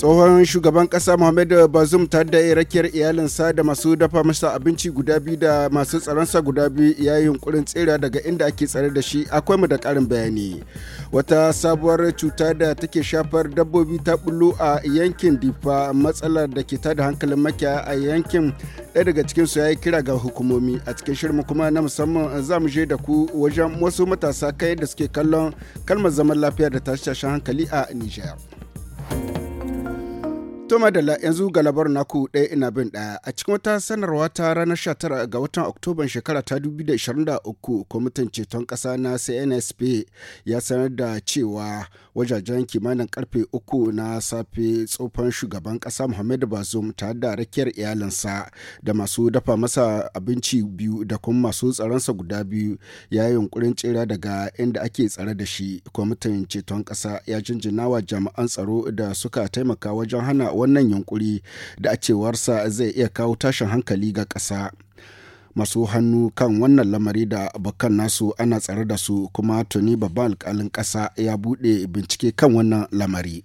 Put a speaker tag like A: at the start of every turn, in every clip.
A: tsohon shugaban kasa muhammadu bazum ta da irakiyar iyalinsa da masu dafa masa abinci guda biyu da masu tsaronsa guda biyu ya yi yunkurin tsira daga inda ake tsare da shi akwai mu da karin bayani wata sabuwar cuta da take shafar dabbobi ta bulu a yankin difa matsalar da ke tada hankalin makiya a yankin ɗaya daga cikin su ya yi kira ga hukumomi a cikin shirin kuma na musamman za mu je da ku wajen wasu matasa kai da suke kallon kalmar zaman lafiya da tashe hankali a nijar. To madalla yanzu ga labarin naku ɗaya ina bin ɗaya a cikin wata sanarwa ta ranar 19 ga watan Oktoban shekara ta 2023 kwamitin ceton ƙasa na CNSP ya sanar da cewa wajajen kimanin karfe uku na safe tsofan shugaban ƙasa Muhammadu Bazoum tare da rakiyar iyalinsa da masu dafa masa abinci biyu da kuma masu tsaronsa guda biyu ya yi yunkurin tsira daga inda ake tsare da shi kwamitin ceton ƙasa ya jinjina wa jami'an tsaro da suka taimaka wajen hana wannan yunkuri da a cewarsa zai iya kawo tashin hankali ga ƙasa. masu hannu kan wannan lamari da abokan nasu ana tsare da su kuma tuni babban alkalin ƙasa ya buɗe bincike kan wannan lamari.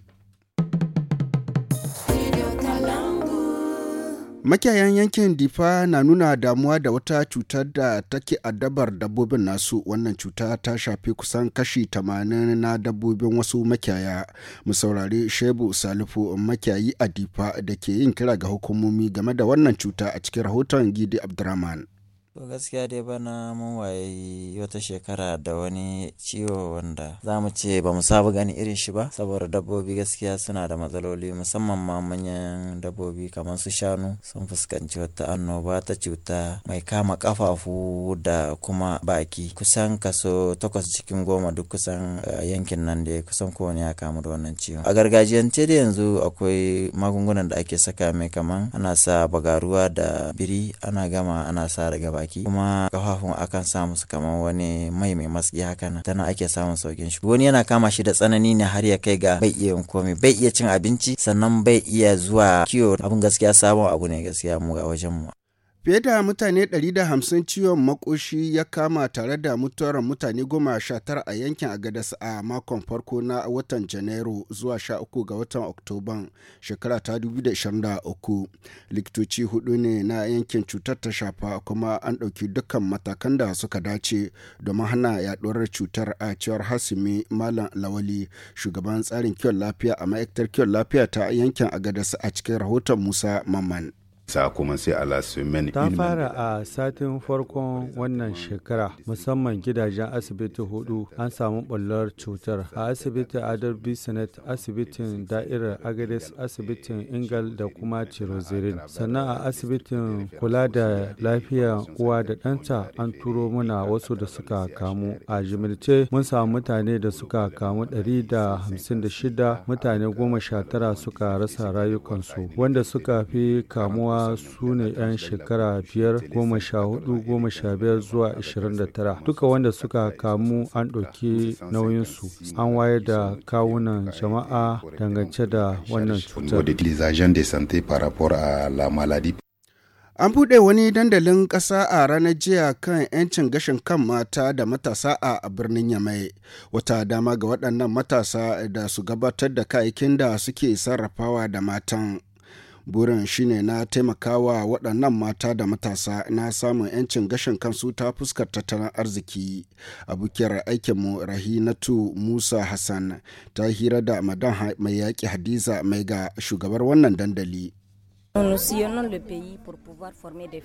A: Makiyayan yankin Difa na nuna damuwa da wata cutar da take addabar dabbobin nasu wannan cuta ta shafi kusan kashi 80 na dabbobin wasu makiyaya. Mu Shebu Salifu makiyayi a Difa da ke yin kira ga hukumomi game da wannan cuta a cikin rahoton Gidi Abdurrahman.
B: To gaskiya dai bana mun wayi wata shekara da wani ciwo wanda za mu ce ba mu saba gani irin shi ba saboda dabbobi gaskiya suna da matsaloli musamman ma manyan dabbobi kamar su shanu sun fuskanci wata annoba ta cuta mai kama kafafu da kuma baki kusan kaso takwas cikin goma duk kusan eh, yankin nan da kusan kowane ya kamu da wannan ciwo. A gargajiyance da yanzu akwai magungunan da ake saka mai kaman ana sa bagaruwa da biri ana gama ana sa daga baki kuma kafafun akan sa musu kamar wani mai mai matsi haka nan tana ake samun saukin shi wani yana kama shi da tsanani ne har ya kai ga bai iya yin komai bai iya cin abinci sannan bai iya zuwa kiwo abun gaskiya sabon abu ne gaskiya mu a wajen mu
A: Fiye da mutane 150 ciwon makoshi ya kama tare da mutuwar mutane goma sha tara a yankin Agadas a makon farko na watan Janairu zuwa 13 ga watan Oktoban shekara ta 2023. Likitoci hudu ne na yankin cutar ta shafa kuma an ɗauki dukkan matakan da suka dace domin hana yaduwar cutar a cewar Hasimi Malam Lawali shugaban tsarin kiwon lafiya a ma'aikatar kiwon lafiya ta yankin Agadas a cikin rahoton Musa Mamman. sai a ta fara
B: a satin farkon wannan shekara musamman gidajen asibiti hudu an samu ɓullar cutar a asibitin adar bisnet asibitin da'irar agades asibitin ingal da kuma cirozirin sannan a asibitin kula da lafiya uwa da ɗanta an turo muna wasu da suka kamu a jimilce mun samu mutane da suka kamu 156 mutane goma sha tara suka rasa rayukansu wanda suka fi kamuwa kuma su ne 'yan shekara biyar goma sha hudu goma sha biyar zuwa ashirin da tara duka wanda suka kamu an ɗauki nauyinsu an wayar da kawunan jama'a dangance da wannan cutar
A: An buɗe wani dandalin ƙasa a ranar jiya kan 'yancin gashin kan mata da matasa a birnin Yamai. Wata dama ga waɗannan matasa da su gabatar da kayakin da suke sarrafawa da matan. burin shine na taimakawa waɗannan mata da matasa na samun 'yancin gashin kansu ta fuskar tattalin arziki a abokiyar aikinmu rahinatu musa hassan ta hira da madan mai yaƙi hadiza mai ga shugabar wannan dandali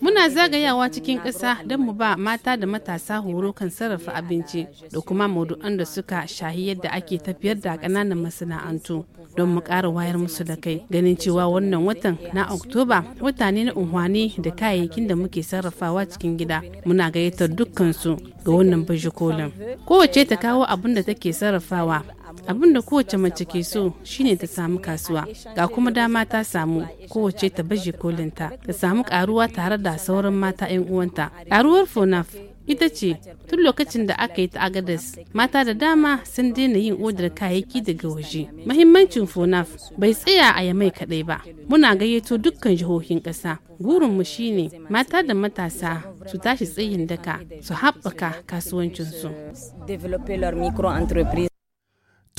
C: Muna zagayawa cikin ƙasa don mu ba mata da matasa horo kan sarrafa abinci da kuma maudu'an da suka shahi yadda ake tafiyar da ƙananan masana'antu don mu ƙara wayar musu da kai ganin cewa wannan watan na Oktoba wata ne na unhwani da kayayyakin da muke sarrafawa cikin gida muna gayyatar dukkansu ga wannan bajikolin. kowacce Kowace ta kawo abin da take sarrafawa abin da kowace mace ke so shine ta samu kasuwa ga kuma dama ta samu kowace ta baje kolinta ta samu karuwa tare da sauran mata 'yan uwanta karuwar fonaf ita ce tun lokacin da aka yi ta agadas mata da dama sun daina yin odar kayayyaki daga waje mahimmancin fonaf bai tsaya a yamai kadai ba muna gayyato dukkan jihohin ƙasa gurinmu shine mata da matasa su tashi tsayin daka su haɓaka kasuwancinsu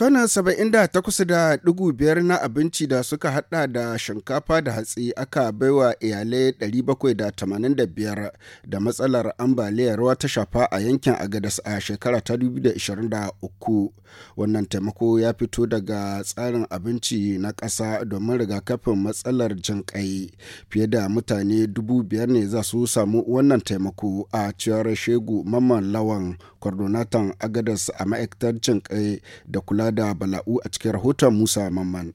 A: Tona saba'in da da dugu biyar na abinci da suka hada da shinkafa da hatsi aka baiwa iyalai 785 da matsalar ambaliyar ruwa ta shafa a yankin Agadas a shekara ta 2023. Wannan taimako ya fito daga tsarin abinci na ƙasa domin rigakafin matsalar ƙai Fiye da mutane 5,000 ne za su samu wannan taimako a ciyar Shegu Mamman Lawan, Kwarnonatan Agadas a ma'aikatar jinƙai da kula da bala'u a cikin rahoton Musa Mamman.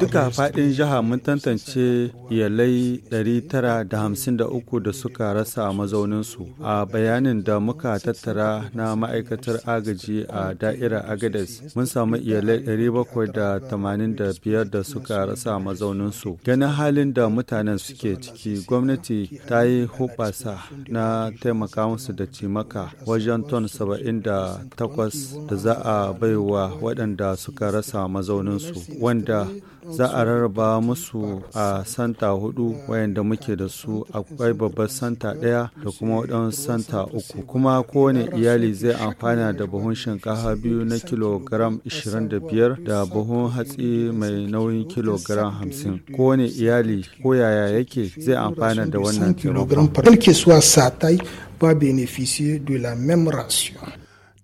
B: Duka faɗin jiha mun tantance iyalai 953 da suka rasa mazauninsu a bayanin da muka tattara na ma'aikatar agaji a da'ira Agades mun samu iyalai 785 da suka rasa mazauninsu. Ganin halin da mutanen suke ciki gwamnati ta yi hubasa na taimaka musu da cimaka wajen ton 78 da za a baiwa waɗanda suka rasa mazauninsu. su wanda za a rarraba musu a santa hudu wayanda muke da su akwai babbar santa ɗaya da kuma waɗansu santa uku kuma kowane iyali zai amfana da buhun shinkafa biyu na kilogram 25 da buhun hatsi mai nauyin kilogram 50 kowane iyali ko yaya yake zai amfana da wannan kilogram.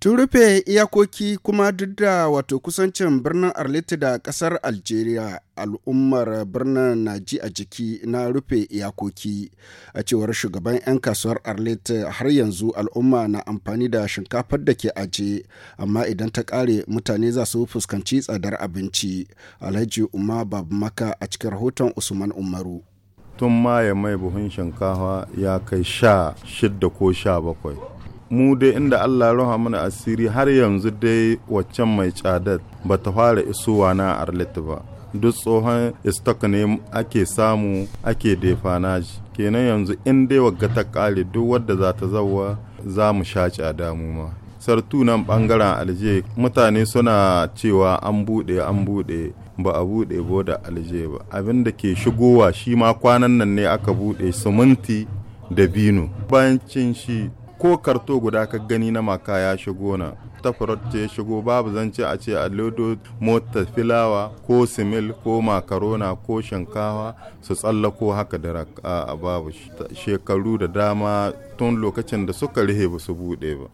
A: Tun rufe iyakoki kuma duk da wato kusancin birnin Arlita da kasar Algeria al'ummar birnin na ji a jiki na rufe iyakoki a cewar shugaban 'yan kasuwar Arlita har yanzu al'umma na amfani da shinkafar da ke aje amma idan ta kare mutane za su fuskanci tsadar abinci Alhaji Umma Babu Maka a cikin rahoton Usman Umaru. Tun maye mai buhun shinkafa ya kai sha shidda ko sha bakwai. mu dai inda Allah roha mana asiri har yanzu dai waccan mai cadar ba ta fara isowa na arlet ba duk tsohon stock ne ake samu ake defanaji kenan yanzu in dai wagga ta kare duk wadda za ta zawa za mu sha cada mu ma sartu nan bangaren alje mutane suna cewa an bude an bude ba a buɗe boda alje ba abin da ke shigowa shi ma kwanan nan ne aka buɗe suminti da binu bayan cin shi ko karto guda ka gani na maka ya shigo na ta ce ya shigo babu zance a ce alodo mota filawa ko simil ko makarona ko shinkawa su tsallako haka da a babu shekaru da dama tun lokacin da suka rihe ba su bude ba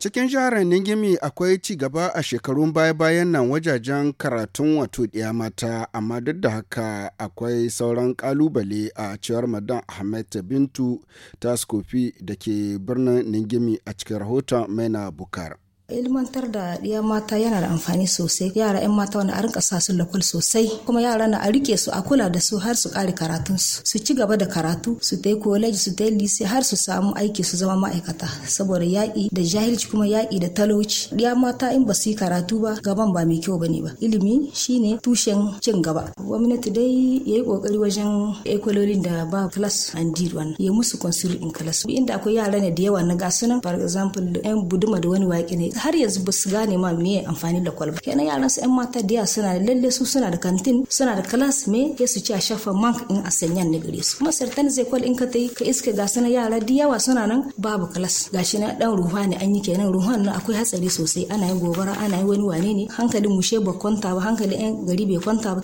A: Cikin jihar Ningimi akwai ci gaba a shekarun baya-bayan nan wajajen karatun wato ɗiya mata, amma duk da haka akwai sauran kalubale a cewar Madan Ahmed Bintu ta da ke birnin Ningimi a cikin rahoton Maina Bukar.
D: ilmantar da ya mata yana da amfani sosai yara yan mata wani a rinka sa su lakwal sosai kuma yara na a rike su a kula da su har su kare karatun su su ci gaba da karatu su ta college su ta lise har su samu aiki su zama ma'aikata saboda yaƙi da jahilci kuma yaƙi da talauci ya mata in ba su yi karatu ba gaban ba mai kyau ba ne ba ilimi shine tushen cin gaba gwamnati dai ya yi kokari wajen ekololin da ba class and deed one ya musu consul in class inda akwai yara ne da yawa na gasunan for example yan buduma da wani waƙi ne har yanzu ba su gane ma me amfani da kwalba kenan yaran su yan mata da suna da lalle su suna da kantin suna da class me ya su ci a shafa mank in a sanyan ne gare su kuma sartan zai kwal in ka ta yi ka iske ga sana yara da yawa suna nan babu class gashi na dan ruhuwa ne an yi kenan ruhan nan akwai hatsari sosai ana yin gobara ana yin wani wane ne hankalin mushe ba kwanta ba hankalin yan gari bai kwanta ba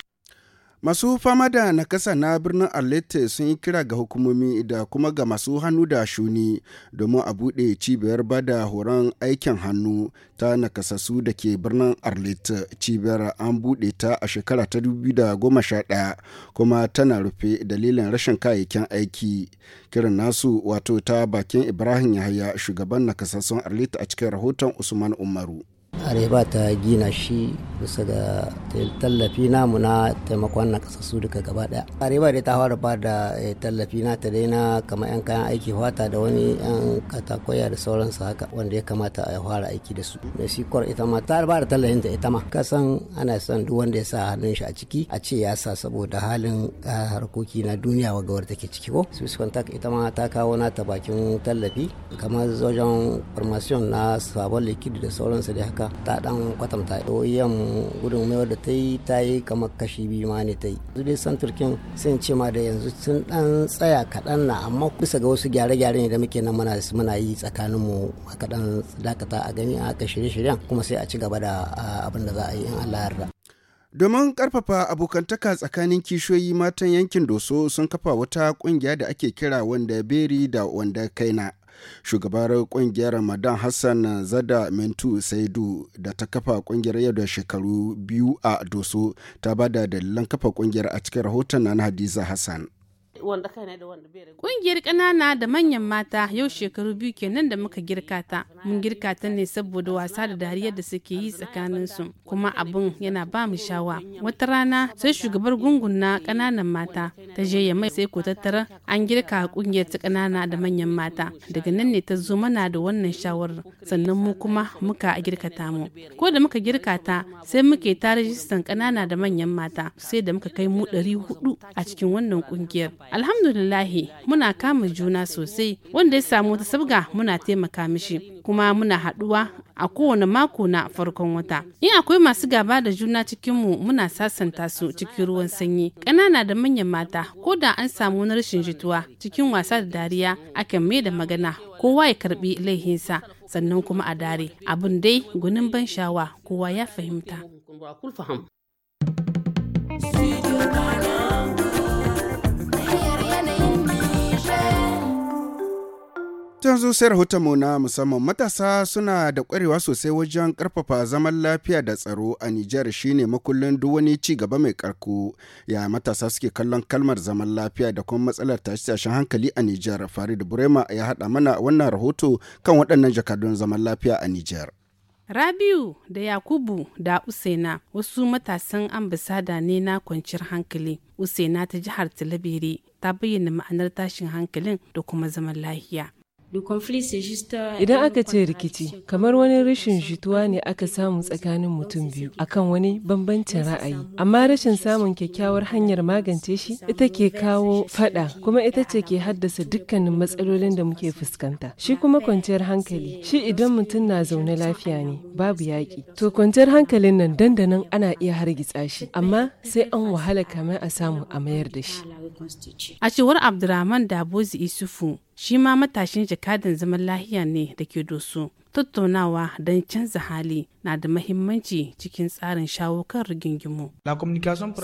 A: Masu fama da nakasa na birnin Arlette sun yi kira ga hukumomi da kuma ga masu hannu da shuni domin a buɗe cibiyar bada horon aikin hannu ta nakasassu da ke birnin Arlette. Cibiyar an buɗe ta a shekara ta 2011 kuma tana rufe dalilin rashin kayayyakin aiki. Kiran nasu wato ta bakin Ibrahim Yahaya shugaban nakasassun Arlette a cikin rahoton Usman Umaru.
D: areba ta gina shi bisa ga tallafi namu na taimakon na kasassu duka gaba daya areba dai ta fara ba da eh, tallafi na ta daina kamar yan kayan aiki fata da wani yan katakoya da sauransu haka wanda ya kamata a fara aiki da su mai sikwar ita ma ta ba da tallafin ta ita ma kasan ana son duk wanda ya sa hannun shi a ciki a ce ya sa saboda halin harkoki na duniya wa gawar take ciki ko su ita ma ta kawo na ta bakin tallafi kamar wajen formation na sabon likidi da sauransu da haka ta dan kwatanta oem gudun mayar da ta yi ta yi kamar kashi biyu ma ne ta yi yanzu dai san turkin sun ce ma da yanzu sun dan tsaya kaɗan na amma kusa ga wasu gyare-gyare ne da muke nan muna muna yi tsakanin mu aka dan dakata a gani aka shirye-shiryen kuma sai a ci gaba da abin da za a yi in Allah yarda
A: Domin karfafa abokantaka tsakanin kishiyoyi matan yankin Doso sun kafa wata kungiya da ake kira wanda beri da wanda kaina. Shugabar kungiyar Madan Hassan Zada Mentu Saidu da ta kafa kungiyar yau da shekaru biyu a Doso ta bada dalilan kafa kungiyar a cikin rahoton na Hadiza Hassan.
C: wanda ne da wanda bai kungiyar ƙanana da manyan mata yau shekaru biyu kenan da muka girka ta mun girka ta ne saboda wasa da dariyar da suke yi tsakanin su kuma abun yana ba mu shawa wata rana sai shugabar gungun na ƙananan mata ta je ya mai sai ko tattara an girka kungiyar ta ƙanana da manyan mata daga nan ne ta zo mana da wannan shawarar sannan mu kuma muka girka ta mu ko da muka girka ta sai muke ta rajistan ƙanana da manyan mata sai da muka kai mu ɗari hudu a cikin wannan ƙungiyar. Alhamdulillah muna kama juna sosai wanda ya samu wata sabga muna taimaka mishi kuma muna haduwa a kowane mako na farkon wata in akwai masu gaba da juna cikinmu muna sasanta su cikin ruwan sanyi ƙanana da manyan mata ko da an samu na rashin jituwa cikin wasa da dariya akan mai da magana kowa ya karbi laihinsa sannan kuma a dare abin dai gunin ban shawa kowa ya fahimta
A: yanzu sai mu na musamman matasa suna da kwarewa sosai wajen karfafa zaman lafiya da tsaro a Nijar shine makullin duk wani ci gaba mai karko ya matasa suke kallon kalmar zaman lafiya da kuma matsalar tashe-tashen hankali a Nijar Farid Burema ya haɗa mana wannan rahoto kan waɗannan jakadun zaman lafiya a Nijar.
C: Rabiu da Yakubu da Usaina wasu matasan ambasada ne na kwanciyar hankali. Usaina ta jihar Talabere ta bayyana ma'anar tashin hankalin da kuma zaman lafiya.
D: Uh, idan aka ce rikici, kamar wani rashin jituwa ne aka samu tsakanin mutum biyu akan wani bambancin ra'ayi. Amma rashin samun kyakkyawar hanyar magance shi ita ke kawo fada kuma ita ce ke haddasa dukkanin matsalolin da muke fuskanta. Shi kuma kwanciyar hankali, shi idan mutum na zaune lafiya ne babu yaƙi. To kwanciyar hankalin nan dandanan ana iya hargitsa shi, amma sai an wahala kamar a samu a mayar da shi.
C: A cewar Abdurrahman Dabozi Isufu, shi ma matashin jakadan zaman lahiya ne da ke doso tattaunawa don canza hali na da mahimmanci cikin tsarin shawo kan rigingimu.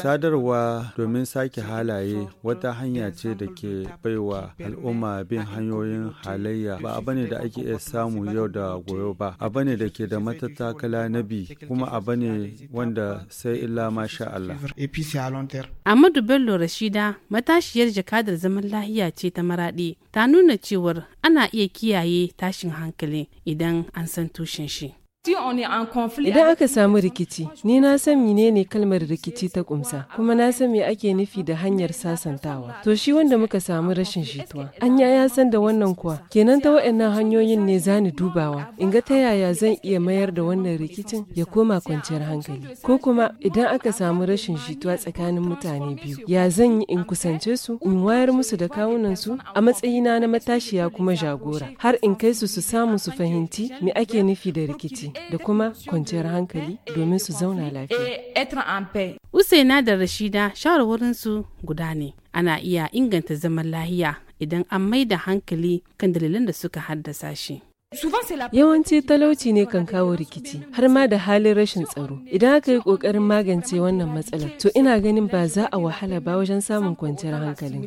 B: Sadarwa domin sake halaye wata hanya ce da ke baiwa al'umma bin hanyoyin halayya ba abu ne da ake iya samu yau da goyo ba abu ne da ke da matattakala na bi kuma abu ne wanda sai illa masha Allah.
C: Amadu Bello Rashida matashiyar jakadar zaman lahiya ce ta maraɗi ta nuna cewar ana iya kiyaye tashin hankali idan an san tushen
D: Idan aka samu rikici, ni na san menene kalmar rikici ta kumsa, kuma na san me ake nufi da hanyar sasantawa. To shi wanda muka samu rashin shituwa, anya ya san da wannan kuwa. Kenan ta waɗannan hanyoyin ne zani dubawa, in ga ta yaya zan iya mayar da wannan rikicin ya koma kwanciyar hankali. Ko kuma idan aka samu rashin shituwa tsakanin mutane biyu, ya zan yi in kusance su, in wayar musu da kawunansu? a matsayina na matashiya kuma jagora, har in kai su su samu su fahimci me ake nufi da rikici. da kuma kwanciyar hankali domin su zauna lafiya. Eh, Usaina
C: da Rashida shawarwarinsu guda ne. Ana iya inganta zaman lahiya idan an mai da hankali kan dalilan da suka haddasa shi.
D: Yawanci talauci ne kan kawo rikici, har ma da halin rashin tsaro. Idan aka yi ƙoƙarin magance wannan matsalar, to ina ganin ba za a wahala ba wajen samun kwanciyar hankalin.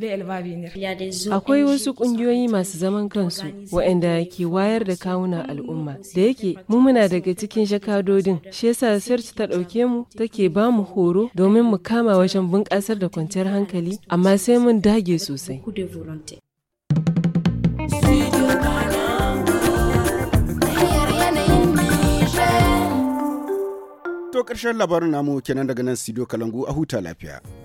D: Akwai wasu ƙungiyoyi masu zaman kansu waɗanda ke wayar da kawunan al'umma. Da yake mu muna daga cikin shakadodin, shi yasa Search ta ɗauke mu take ba mu horo domin mu kama wajen bunƙasar da kwanciyar hankali, amma sai mun dage sosai.
A: kawo ƙarshen labarin namu kenan daga nan studio Kalangu a huta lafiya.